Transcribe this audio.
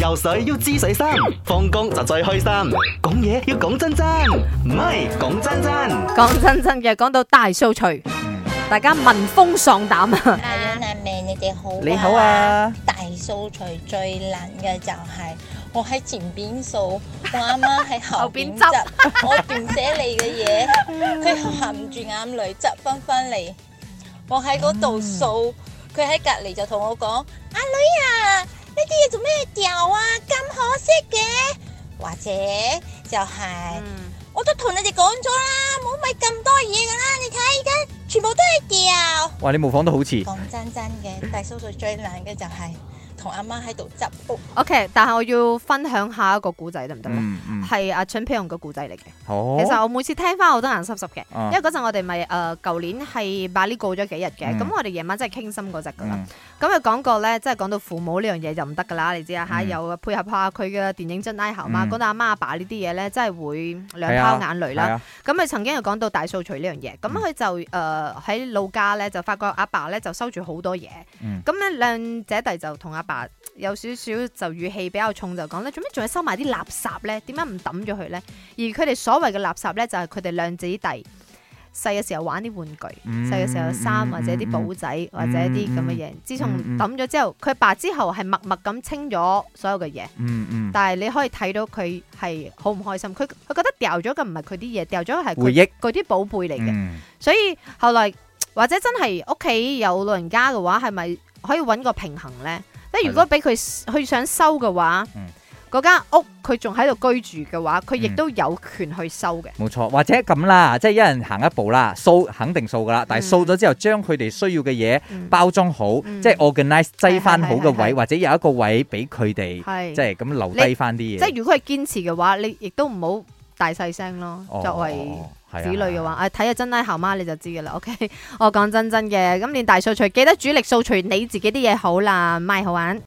游水要知水心，放工就最開心。講嘢要講真真，唔係講真真。講真真嘅講到大掃除，大家聞風喪膽啊！阿明，你哋好你好啊！大掃除最難嘅就係我喺前邊掃，我阿媽喺後邊執 面執， 我亂寫你嘅嘢，佢含住眼淚執翻翻嚟。我喺嗰度掃，佢喺隔籬就同我講：阿女啊！或者就係，嗯，我都同你哋講咗啦，冇咪咁多嘢噶啦，你睇而家全部都係掉。哇，你模仿都好似。講真真嘅， 大叔叔最難嘅就係。同阿媽喺度執屋。OK，但係我要分享下一個古仔得唔得？嗯嗯，係阿陳皮熊嘅古仔嚟嘅。哦，其實我每次聽翻我都眼濕濕嘅，因為嗰陣我哋咪誒舊年係巴黎過咗幾日嘅，咁我哋夜晚真係傾心嗰隻噶啦。咁佢講過咧，即係講到父母呢樣嘢就唔得噶啦，你知啊嚇，又配合下佢嘅電影《真愛後媽》，講到阿媽阿爸呢啲嘢咧，真係會兩泡眼淚啦。咁佢曾經又講到大掃除呢樣嘢，咁佢就誒喺老家咧就發覺阿爸咧就收住好多嘢，咁咧兩姐弟就同阿有少少就語氣比較重，就講咧，做咩仲要收埋啲垃圾咧？點解唔抌咗佢咧？而佢哋所謂嘅垃圾咧，就係佢哋兩姊弟細嘅時候玩啲玩，玩具，細嘅、嗯、時候衫、嗯嗯、或者啲簿仔、或者啲咁嘅嘢。自從抌咗之後，佢爸之後係默默咁清咗所有嘅嘢。嗯嗯、但係你可以睇到佢係好唔開心，佢佢覺得掉咗嘅唔係佢啲嘢，掉咗係回憶啲寶貝嚟嘅。所以後來或者真係屋企有老人家嘅話，係咪可以搵個平衡咧？即係如果俾佢佢想收嘅話，嗰間、嗯、屋佢仲喺度居住嘅話，佢亦都有權去收嘅。冇錯，或者咁啦，即係一人行一步啦，收肯定收噶啦。但係收咗之後，將佢哋需要嘅嘢包裝好，嗯、即係 organize，擠翻好個位，是是是是是或者有一個位俾佢哋，即係咁留低翻啲嘢。即係如果係堅持嘅話，你亦都唔好大細聲咯，作為。哦.子女嘅話誒、啊，睇下真拉後媽你就知噶啦。OK，我講真真嘅，今年大掃除，記得主力掃除你自己啲嘢好啦，咪好玩。